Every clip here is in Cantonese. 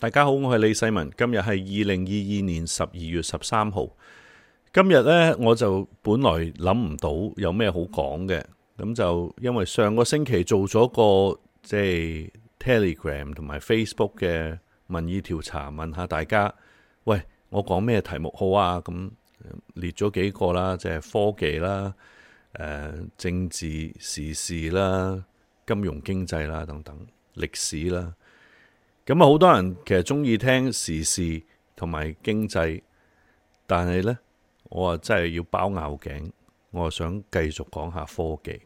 大家好，我係李世民。今日係二零二二年十二月十三號。今日呢，我就本來諗唔到有咩好講嘅，咁就因為上個星期做咗個即係 Telegram 同埋 Facebook 嘅民意調查，問下大家，喂，我講咩題目好啊？咁列咗幾個啦，即係科技啦，誒，政治時事啦，金融經濟啦，等等，歷史啦。咁啊，好多人其實中意聽時事同埋經濟，但係呢，我啊真係要包拗頸，我想繼續講下科技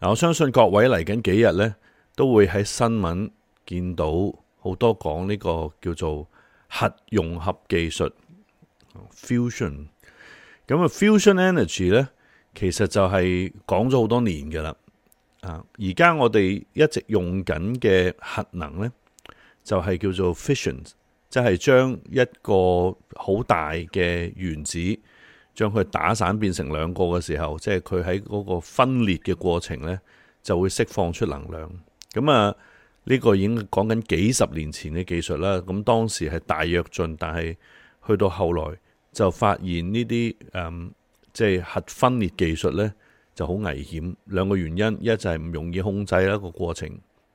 嗱、啊。我相信各位嚟緊幾日呢，都會喺新聞見到好多講呢個叫做核融合技術 fusion 咁啊。fusion energy 呢，其實就係講咗好多年噶啦。而家我哋一直用緊嘅核能呢。就係叫做 fission，即係將一個好大嘅原子，將佢打散變成兩個嘅時候，即係佢喺嗰個分裂嘅過程呢就會釋放出能量。咁啊，呢個已經講緊幾十年前嘅技術啦。咁當時係大躍進，但係去到後來就發現呢啲誒，即係核分裂技術呢就好危險。兩個原因，一就係唔容易控制一個過程，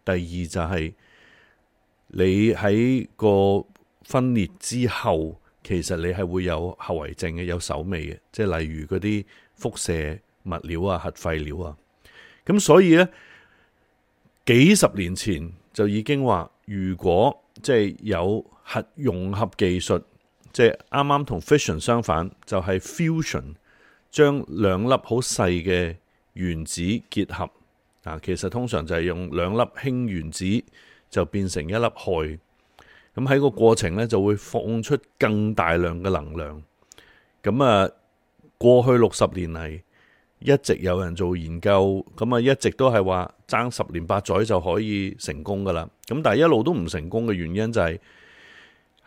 第二就係。你喺個分裂之後，其實你係會有後遺症嘅，有手尾嘅，即係例如嗰啲輻射物料啊、核廢料啊。咁所以呢，幾十年前就已經話，如果即係有核融合技術，即係啱啱同 fission 相反，就係 fusion 將兩粒好細嘅原子結合。嗱，其實通常就係用兩粒氫原子。就變成一粒氦，咁喺個過程呢，就會放出更大量嘅能量。咁啊，過去六十年嚟一直有人做研究，咁啊一直都係話爭十年八載就可以成功噶啦。咁但係一路都唔成功嘅原因就係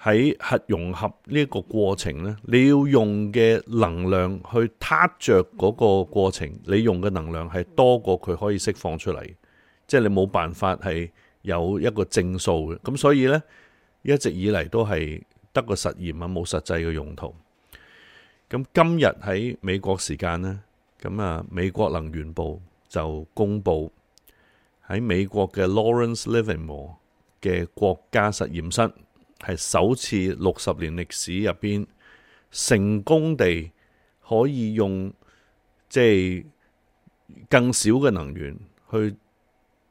喺核融合呢個過程呢，你要用嘅能量去撻着嗰個過程，你用嘅能量係多過佢可以釋放出嚟，即係你冇辦法係。有一個正數嘅，咁所以呢，一直以嚟都係得個實驗啊，冇實際嘅用途。咁今日喺美國時間呢，咁啊美國能源部就公佈喺美國嘅 Lawrence Living 模嘅國家實驗室係首次六十年歷史入邊成功地可以用即係更少嘅能源去。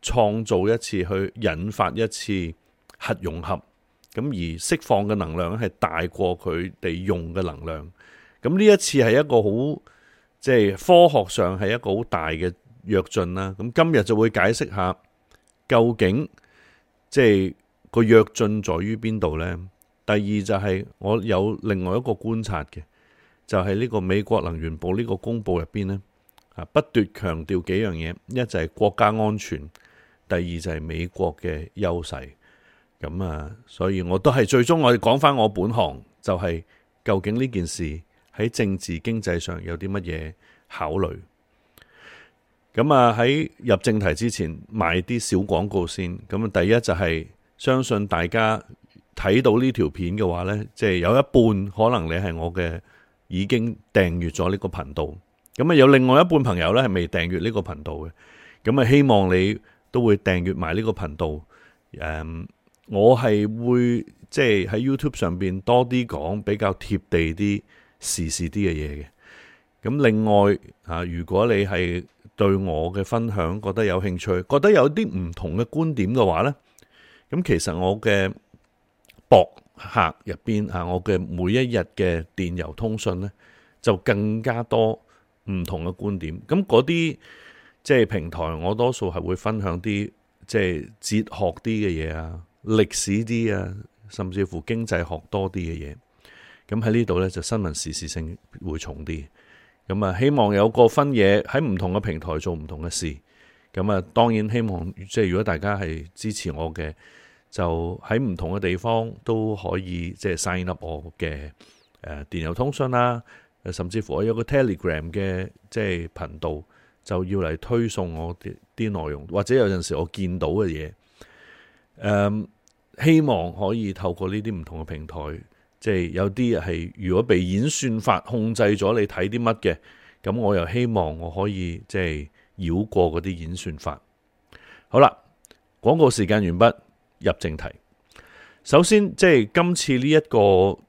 創造一次去引發一次核融合，咁而釋放嘅能量咧係大過佢哋用嘅能量，咁呢一次係一個好即係科學上係一個好大嘅躍進啦。咁今日就會解釋下究竟即係個躍進在於邊度呢？第二就係、是、我有另外一個觀察嘅，就係、是、呢個美國能源部呢個公佈入邊呢，啊不斷強調幾樣嘢，一就係國家安全。第二就係、是、美國嘅優勢，咁啊，所以我都係最終我講翻我本行，就係、是、究竟呢件事喺政治經濟上有啲乜嘢考慮。咁啊，喺入正題之前賣啲小廣告先。咁啊，第一就係、是、相信大家睇到呢條片嘅話呢，即、就、係、是、有一半可能你係我嘅已經訂閱咗呢個頻道，咁啊有另外一半朋友呢，係未訂閱呢個頻道嘅，咁啊希望你。都會訂閱埋呢個頻道，誒、嗯，我係會即係、就、喺、是、YouTube 上邊多啲講比較貼地啲、時事啲嘅嘢嘅。咁、嗯、另外啊，如果你係對我嘅分享覺得有興趣，覺得有啲唔同嘅觀點嘅話呢，咁、嗯、其實我嘅博客入邊啊，我嘅每一日嘅電郵通訊呢，就更加多唔同嘅觀點。咁嗰啲。即係平台，我多數係會分享啲即係哲學啲嘅嘢啊、歷史啲啊，甚至乎經濟學多啲嘅嘢。咁喺呢度呢，就新聞時事性會重啲。咁啊，希望有個分野喺唔同嘅平台做唔同嘅事。咁啊，當然希望即係如果大家係支持我嘅，就喺唔同嘅地方都可以即係 sign up 我嘅誒電郵通訊啦。甚至乎我有個 Telegram 嘅即係頻道。就要嚟推送我啲啲內容，或者有陣時我見到嘅嘢，誒、嗯，希望可以透過呢啲唔同嘅平台，即係有啲係如果被演算法控制咗你睇啲乜嘅，咁我又希望我可以即係繞過嗰啲演算法。好啦，廣告時間完畢，入正題。首先，即係今次呢一個。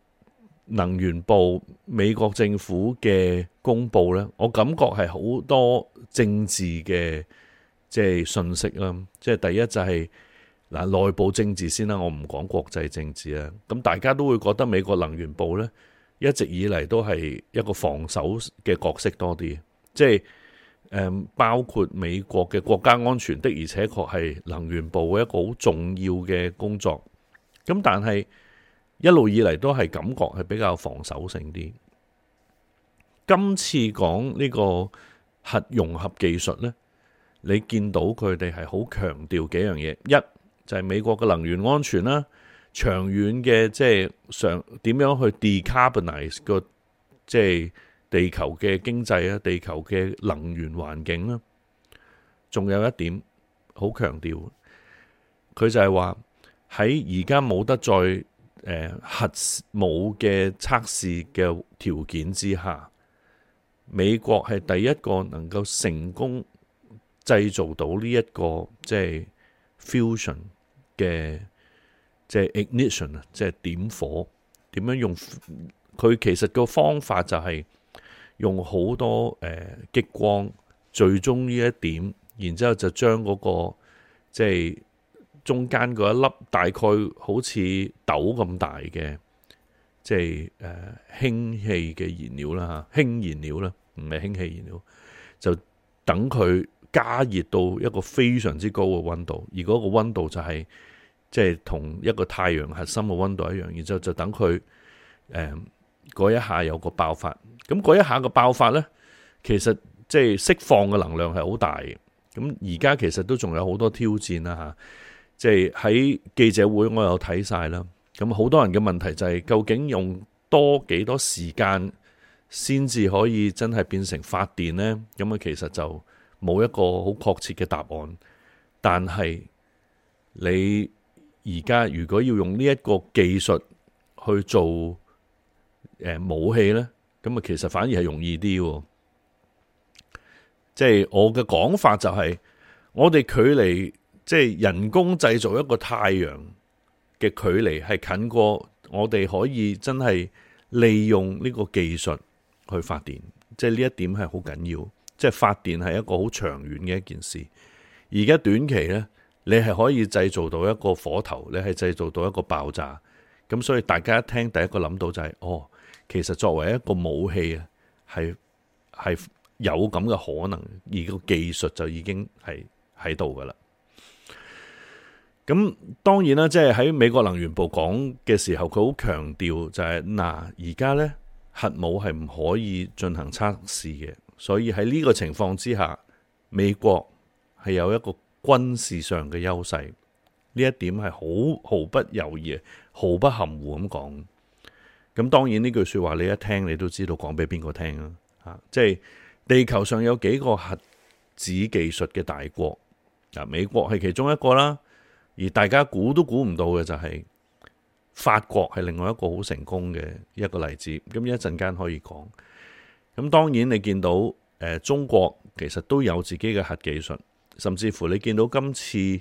能源部，美國政府嘅公布咧，我感覺係好多政治嘅即係信息啦。即係第一就係嗱內部政治先啦，我唔講國際政治啦。咁大家都會覺得美國能源部咧一直以嚟都係一個防守嘅角色多啲，即係誒包括美國嘅國家安全的，而且確係能源部嘅一個好重要嘅工作。咁但係。一路以嚟都係感覺係比較防守性啲。今次講呢個核融合技術呢，你見到佢哋係好強調幾樣嘢，一就係、是、美國嘅能源安全啦，長遠嘅即係上點樣去 decarbonise 個即係地球嘅經濟啊，地球嘅能源環境啦。仲有一點好強調，佢就係話喺而家冇得再。核武嘅測試嘅條件之下，美國係第一個能夠成功製造到呢一個即係 fusion 嘅即係 ignition 啊，即係，點火，點樣用？佢其實個方法就係用好多誒激光，最終呢一點，然之後就將嗰個即係。就是中間嗰一粒大概好似豆咁大嘅，即係誒氫氣嘅燃料啦，氫燃料啦，唔係氫氣燃料，就等佢加熱到一個非常之高嘅溫度，而嗰個溫度就係即係同一個太陽核心嘅溫度一樣，然之後就等佢誒嗰一下有一個爆發，咁嗰一下個爆發呢，其實即係、就是、釋放嘅能量係好大嘅，咁而家其實都仲有好多挑戰啦吓。即係喺記者會，我又睇晒啦。咁好多人嘅問題就係，究竟用多幾多時間先至可以真係變成發電呢？咁啊，其實就冇一個好確切嘅答案。但係你而家如果要用呢一個技術去做武器呢？咁啊，其實反而係容易啲喎。即係我嘅講法就係，我哋距離。即係人工製造一個太陽嘅距離係近過我哋可以真係利用呢個技術去發電，即係呢一點係好緊要。即係發電係一個好長遠嘅一件事。而家短期呢，你係可以製造到一個火頭，你係製造到一個爆炸。咁所以大家一聽，第一個諗到就係、是、哦，其實作為一個武器啊，係係有咁嘅可能，而個技術就已經係喺度噶啦。咁當然啦，即係喺美國能源部講嘅時候，佢好強調就係、是、嗱，而家咧核武係唔可以進行測試嘅，所以喺呢個情況之下，美國係有一個軍事上嘅優勢，呢一點係好毫不猶豫、毫不含糊咁講。咁當然呢句説話你一聽你都知道講俾邊個聽啊，即、就、係、是、地球上有幾個核子技術嘅大國，嗱，美國係其中一個啦。而大家估都估唔到嘅就係法國係另外一個好成功嘅一個例子，咁一陣間可以講，咁當然你見到誒、呃、中國其實都有自己嘅核技術，甚至乎你見到今次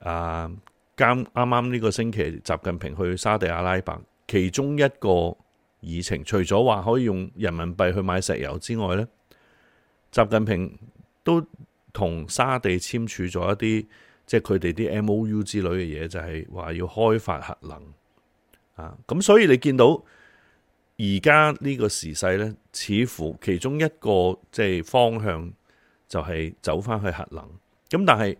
啊，啱啱呢個星期習近平去沙地阿拉伯，其中一個議程，除咗話可以用人民幣去買石油之外咧，習近平都同沙地簽署咗一啲。即係佢哋啲 MOU 之類嘅嘢，就係話要開發核能。咁所以你見到而家呢個時勢呢，似乎其中一個即係方向就係走翻去核能。咁但係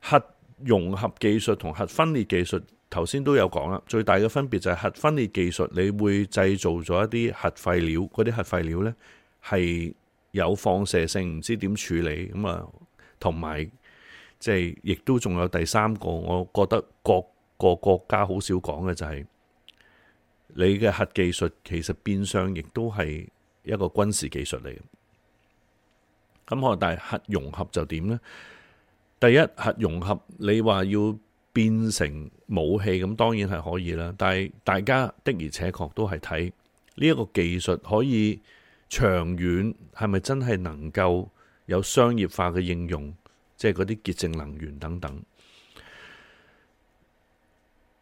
核融合技術同核分裂技術，頭先都有講啦。最大嘅分別就係核分裂技術，你會製造咗一啲核廢料，嗰啲核廢料呢，係有放射性，唔知點處理咁啊，同埋。即係亦都仲有第三個我覺得各個國家好少講嘅就係你嘅核技術其實變相亦都係一個軍事技術嚟。咁可能但係核融合就點咧？第一核融合，你話要變成武器，咁當然係可以啦。但係大家的而且確都係睇呢一個技術可以長遠，係咪真係能夠有商業化嘅應用？.即係嗰啲潔淨能源等等，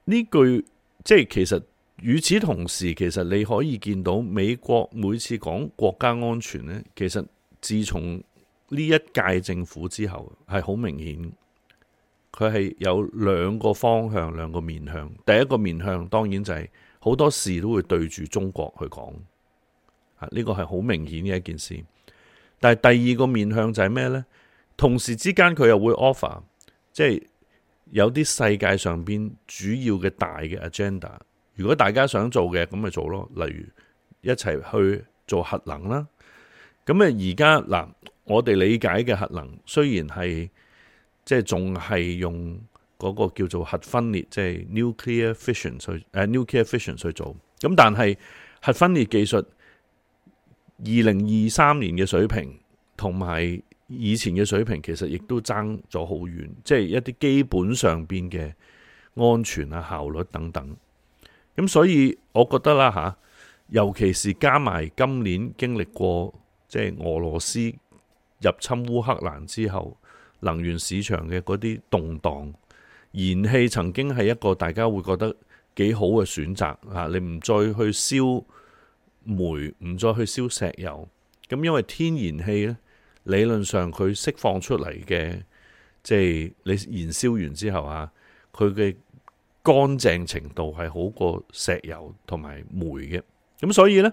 呢句即係其實與此同時，其實你可以見到美國每次講國家安全呢，其實自從呢一屆政府之後，係好明顯，佢係有兩個方向、兩個面向。第一個面向當然就係好多事都會對住中國去講，呢、呢個係好明顯嘅一件事。但係第二個面向就係咩呢？同時之間，佢又會 offer，即係有啲世界上邊主要嘅大嘅 agenda。如果大家想做嘅，咁咪做咯。例如一齊去做核能啦。咁啊，而家嗱，我哋理解嘅核能雖然係即係仲係用嗰個叫做核分裂，即係 nuclear fission 去誒 nuclear fission 去做。咁但係核分裂技術二零二三年嘅水平同埋以前嘅水平，其實亦都爭咗好遠，即係一啲基本上邊嘅安全啊、效率等等。咁所以我覺得啦嚇，尤其是加埋今年經歷過即係俄羅斯入侵烏克蘭之後，能源市場嘅嗰啲動盪，燃氣曾經係一個大家會覺得幾好嘅選擇嚇，你唔再去燒煤，唔再去燒石油，咁因為天然氣呢。理論上佢釋放出嚟嘅，即係你燃燒完之後啊，佢嘅乾淨程度係好過石油同埋煤嘅。咁所以呢，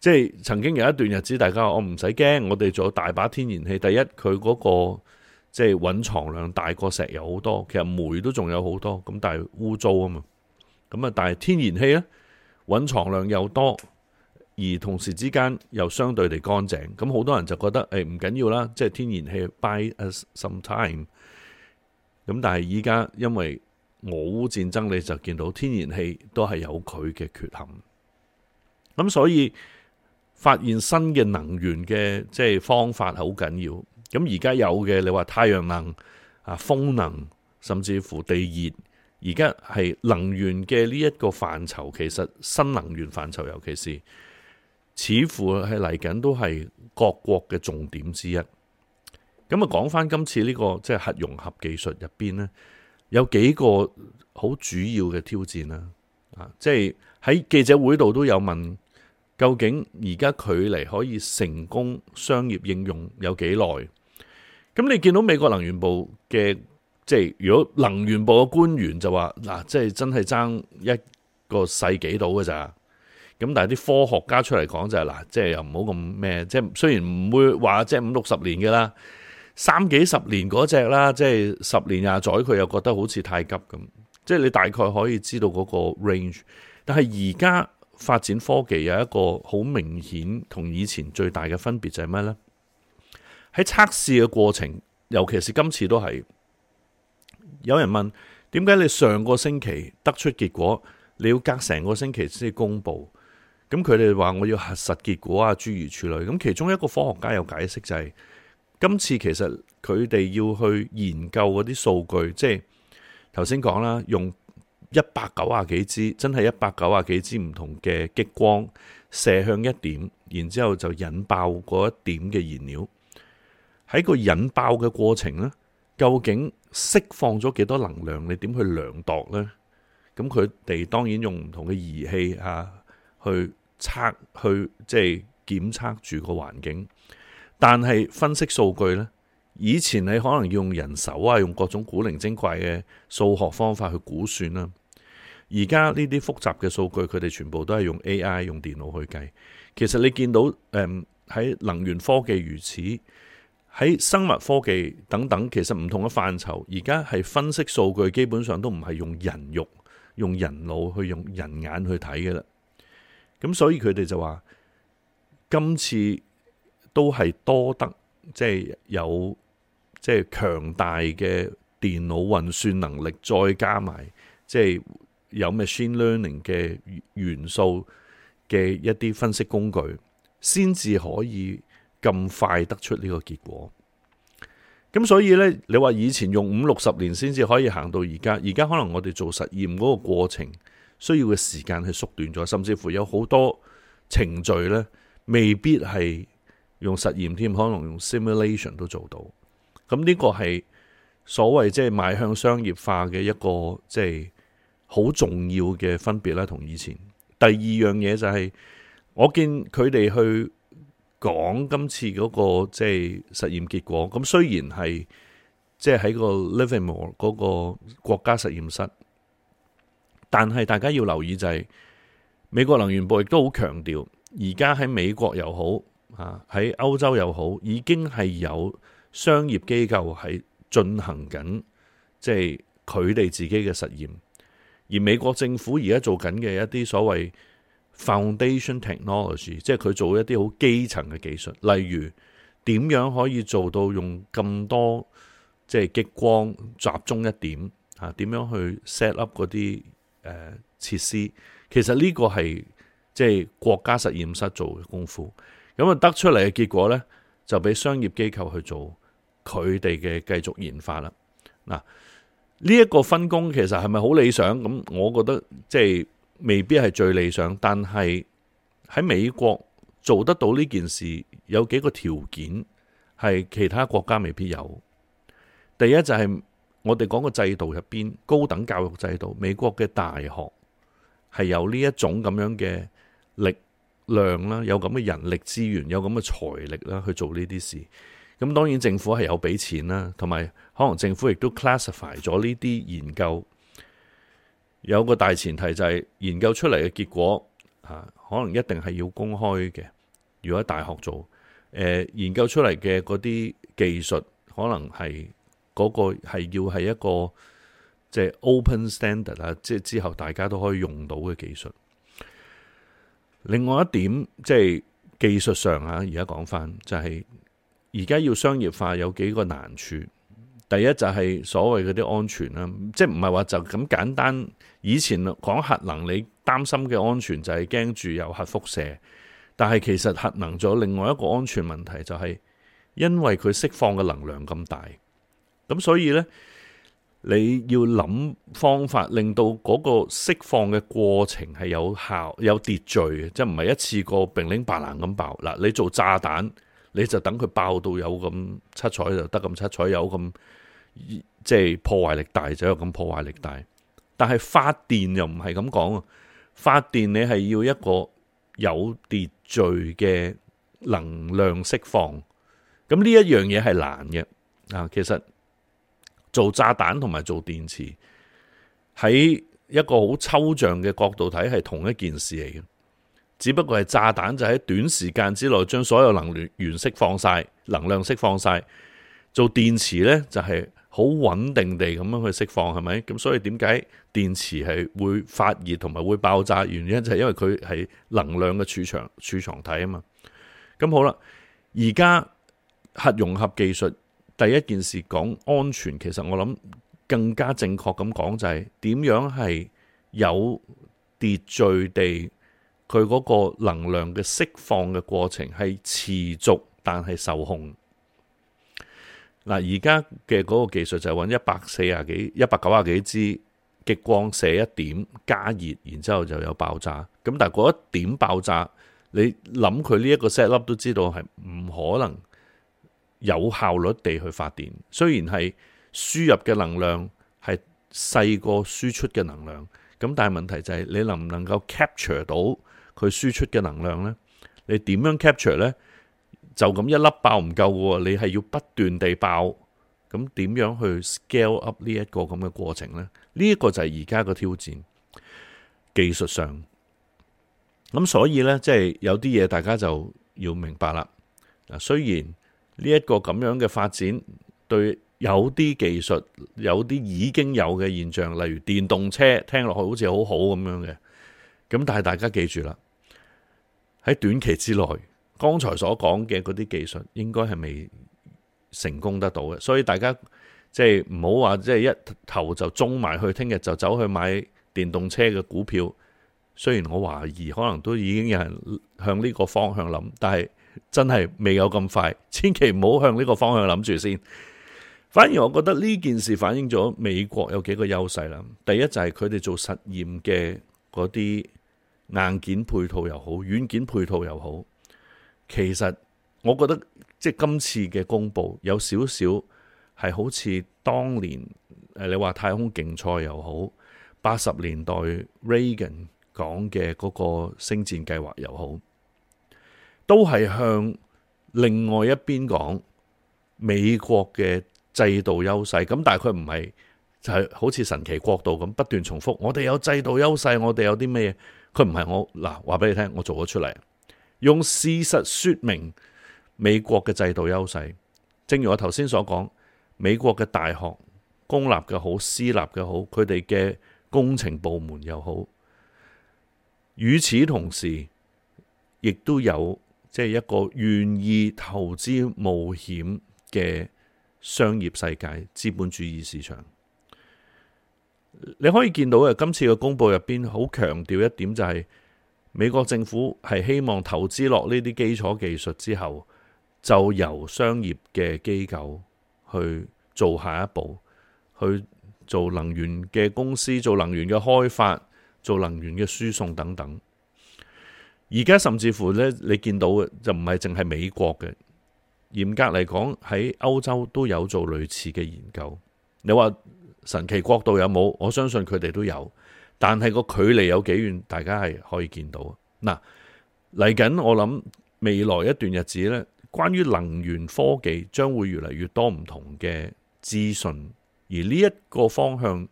即係曾經有一段日子，大家話我唔使驚，我哋仲有大把天然氣。第一，佢嗰個即係蘊藏量大過石油好多，其實煤都仲有好多。咁但係污糟啊嘛，咁啊，但係天然氣呢，蘊藏量又多。而同時之間又相對地乾淨，咁好多人就覺得誒唔緊要啦，即係天然氣 buy us some time。咁但係依家因為俄烏戰爭，你就見到天然氣都係有佢嘅缺陷。咁所以發現新嘅能源嘅即係方法好緊要。咁而家有嘅你話太陽能啊、風能，甚至乎地熱，而家係能源嘅呢一個範疇，其實新能源範疇，尤其是。似乎係嚟緊都係各國嘅重點之一。咁啊，講翻今次呢個即係核融合技術入邊呢，有幾個好主要嘅挑戰啦。啊，即係喺記者會度都有問，究竟而家距離可以成功商業應用有幾耐？咁你見到美國能源部嘅即係如果能源部嘅官員就話嗱，即係真係爭一個世紀度嘅咋。咁但係啲科學家出嚟講就係嗱，即係又唔好咁咩，即係雖然唔會話即係五六十年嘅啦，三幾十年嗰隻啦，即係十年廿載佢又覺得好似太急咁。即係你大概可以知道嗰個 range，但係而家發展科技有一個好明顯同以前最大嘅分別就係咩呢？喺測試嘅過程，尤其是今次都係有人問點解你上個星期得出結果，你要隔成個星期先公布？咁佢哋話我要核實結果啊，諸如此類。咁其中一個科學家有解釋就係、是，今次其實佢哋要去研究嗰啲數據，即係頭先講啦，用一百九十幾支，真係一百九十幾支唔同嘅激光射向一點，然之後就引爆嗰一點嘅燃料。喺個引爆嘅過程呢，究竟釋放咗幾多能量？你點去量度呢？咁佢哋當然用唔同嘅儀器吓去。測去即係檢測住個環境，但係分析數據呢，以前你可能用人手啊，用各種古靈精怪嘅數學方法去估算啦。而家呢啲複雜嘅數據，佢哋全部都係用 AI、用電腦去計。其實你見到誒喺、嗯、能源科技如此，喺生物科技等等，其實唔同嘅範疇，而家係分析數據基本上都唔係用人肉、用人腦去用人眼去睇嘅啦。咁所以佢哋就話，今次都係多得即係、就是、有即係、就是、強大嘅電腦運算能力，再加埋即係有 machine learning 嘅元素嘅一啲分析工具，先至可以咁快得出呢個結果。咁所以呢，你話以前用五六十年先至可以行到而家，而家可能我哋做實驗嗰個過程。需要嘅時間係縮短咗，甚至乎有好多程序咧，未必係用實驗添，可能用 simulation 都做到。咁呢個係所謂即係邁向商業化嘅一個即係好重要嘅分別啦，同以前。第二樣嘢就係、是、我見佢哋去講今次嗰個即係實驗結果。咁雖然係即係喺個 Livermore 嗰個國家實驗室。但係大家要留意就係，美國能源部亦都好強調，而家喺美國又好啊，喺歐洲又好，已經係有商業機構係進行緊，即係佢哋自己嘅實驗。而美國政府而家做緊嘅一啲所謂 foundation technology，即係佢做一啲好基層嘅技術，例如點樣可以做到用咁多即係激光集中一點啊？點樣去 set up 嗰啲？誒，設施其實呢個係即係國家實驗室做嘅功夫，咁啊得出嚟嘅結果呢，就俾商業機構去做佢哋嘅繼續研發啦。嗱，呢一個分工其實係咪好理想？咁我覺得即係未必係最理想，但係喺美國做得到呢件事，有幾個條件係其他國家未必有。第一就係。我哋講個制度入邊，高等教育制度，美國嘅大學係有呢一種咁樣嘅力量啦，有咁嘅人力資源，有咁嘅財力啦，去做呢啲事。咁當然政府係有俾錢啦，同埋可能政府亦都 classify 咗呢啲研究。有個大前提就係、是、研究出嚟嘅結果吓可能一定係要公開嘅。如果喺大學做，呃、研究出嚟嘅嗰啲技術，可能係。嗰個係要係一個即係 open standard 啊，即係之後大家都可以用到嘅技術。另外一點即係技術上啊，而家講翻就係而家要商業化有幾個難處，第一就係所謂嗰啲安全啦，即係唔係話就咁簡單。以前講核能，你擔心嘅安全就係驚住有核輻射，但係其實核能仲有另外一個安全問題，就係因為佢釋放嘅能量咁大。咁所以咧，你要諗方法令到嗰個釋放嘅過程係有效、有秩序，即係唔係一次過並零白蘭咁爆。嗱，你做炸彈，你就等佢爆到有咁七彩就得咁七彩，有咁即係破壞力大就有咁破壞力大。但係發電又唔係咁講啊，發電你係要一個有秩序嘅能量釋放。咁呢一樣嘢係難嘅啊，其實。做炸彈同埋做電池，喺一個好抽象嘅角度睇，係同一件事嚟嘅。只不過係炸彈就喺短時間之內將所有能量源釋放晒，能量釋放晒。做電池呢就係好穩定地咁樣去釋放，係咪？咁所以點解電池係會發熱同埋會爆炸？原因就係、是、因為佢係能量嘅儲藏儲藏體啊嘛。咁好啦，而家核融合技術。第一件事講安全，其實我諗更加正確咁講就係點樣係有秩序地佢嗰個能量嘅釋放嘅過程係持續，但係受控的。嗱，而家嘅嗰個技術就係揾一百四十幾、一百九十幾支激光射一點加熱，然之後就有爆炸。咁但係嗰一點爆炸，你諗佢呢一個 set up 都知道係唔可能。有效率地去發電，雖然係輸入嘅能量係細過輸出嘅能量，咁但係問題就係你能唔能夠 capture 到佢輸出嘅能量呢？你點樣 capture 呢？就咁一粒爆唔夠喎，你係要不斷地爆，咁點樣去 scale up 呢一個咁嘅過程呢？呢一個就係而家個挑戰技術上咁。所以呢，即係有啲嘢大家就要明白啦。嗱，雖然。呢一個咁樣嘅發展，對有啲技術，有啲已經有嘅現象，例如電動車，聽落去好，好似好好咁樣嘅。咁但係大家記住啦，喺短期之內，剛才所講嘅嗰啲技術，應該係未成功得到嘅。所以大家即係唔好話即係一頭就中埋去，聽日就走去買電動車嘅股票。雖然我懷疑，可能都已經有人向呢個方向諗，但係。真係未有咁快，千祈唔好向呢個方向諗住先。反而我覺得呢件事反映咗美國有幾個優勢啦。第一就係佢哋做實驗嘅嗰啲硬件配套又好，軟件配套又好。其實我覺得即係今次嘅公布有少少係好似當年誒，你話太空競賽又好，八十年代 Reagan 講嘅嗰個星戰計劃又好。都係向另外一邊講美國嘅制度優勢，咁但係佢唔係就係好似神奇國度咁不斷重複。我哋有制度優勢，我哋有啲咩？佢唔係我嗱，話俾你聽，我做咗出嚟，用事實說明美國嘅制度優勢。正如我頭先所講，美國嘅大學，公立嘅好，私立嘅好，佢哋嘅工程部門又好。與此同時，亦都有。即係一個願意投資冒險嘅商業世界、資本主義市場。你可以見到呀，今次嘅公佈入邊，好強調一點就係美國政府係希望投資落呢啲基礎技術之後，就由商業嘅機構去做下一步，去做能源嘅公司、做能源嘅開發、做能源嘅輸送等等。而家甚至乎咧，你見到嘅就唔係淨係美國嘅。嚴格嚟講，喺歐洲都有做類似嘅研究。你話神奇國度有冇？我相信佢哋都有，但係個距離有幾遠？大家係可以見到。嗱，嚟緊，我諗未來一段日子呢，關於能源科技將會越嚟越多唔同嘅資訊，而呢一個方向，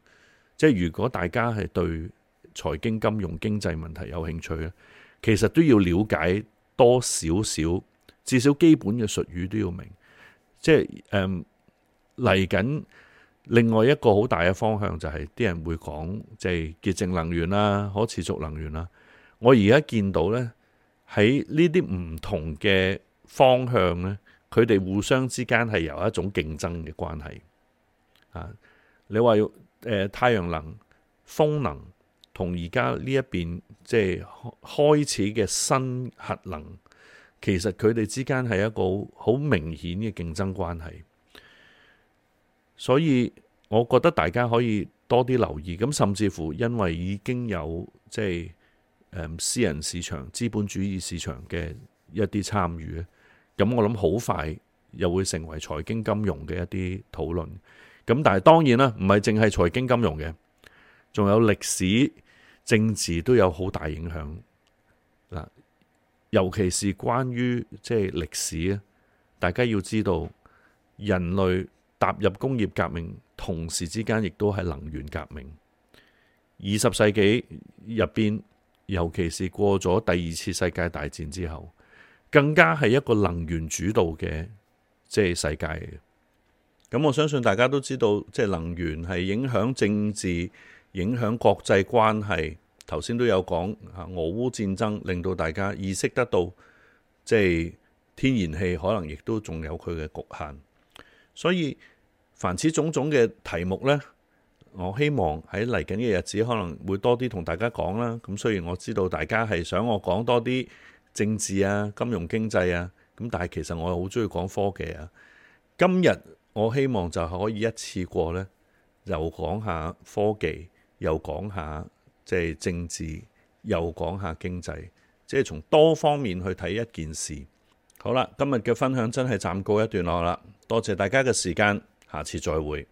即係如果大家係對財經、金融、經濟問題有興趣咧。其實都要了解多少少，至少基本嘅術語都要明。即係誒，嚟緊，另外一個好大嘅方向就係啲人會講，即係潔淨能源啦，可持續能源啦。我而家見到呢，喺呢啲唔同嘅方向呢，佢哋互相之間係有一種競爭嘅關係。啊，你話要太陽能、風能同而家呢一邊？即係開始嘅新核能，其實佢哋之間係一個好明顯嘅競爭關係，所以我覺得大家可以多啲留意。咁甚至乎，因為已經有即係、就是、私人市場、資本主義市場嘅一啲參與，咁我諗好快又會成為財經金融嘅一啲討論。咁但係當然啦，唔係淨係財經金融嘅，仲有歷史。政治都有好大影響嗱，尤其是關於即係歷史咧，大家要知道人類踏入工業革命，同時之間亦都係能源革命。二十世紀入邊，尤其是過咗第二次世界大戰之後，更加係一個能源主導嘅即係世界。咁我相信大家都知道，即係能源係影響政治、影響國際關係。頭先都有講俄烏戰爭，令到大家意識得到，即係天然氣可能亦都仲有佢嘅局限。所以凡此種種嘅題目呢，我希望喺嚟緊嘅日子可能會多啲同大家講啦。咁雖然我知道大家係想我講多啲政治啊、金融經濟啊，咁但係其實我好中意講科技啊。今日我希望就可以一次過呢，又講下科技，又講下。即係政治，又講下經濟，即係從多方面去睇一件事。好啦，今日嘅分享真係暫告一段落啦，多謝大家嘅時間，下次再會。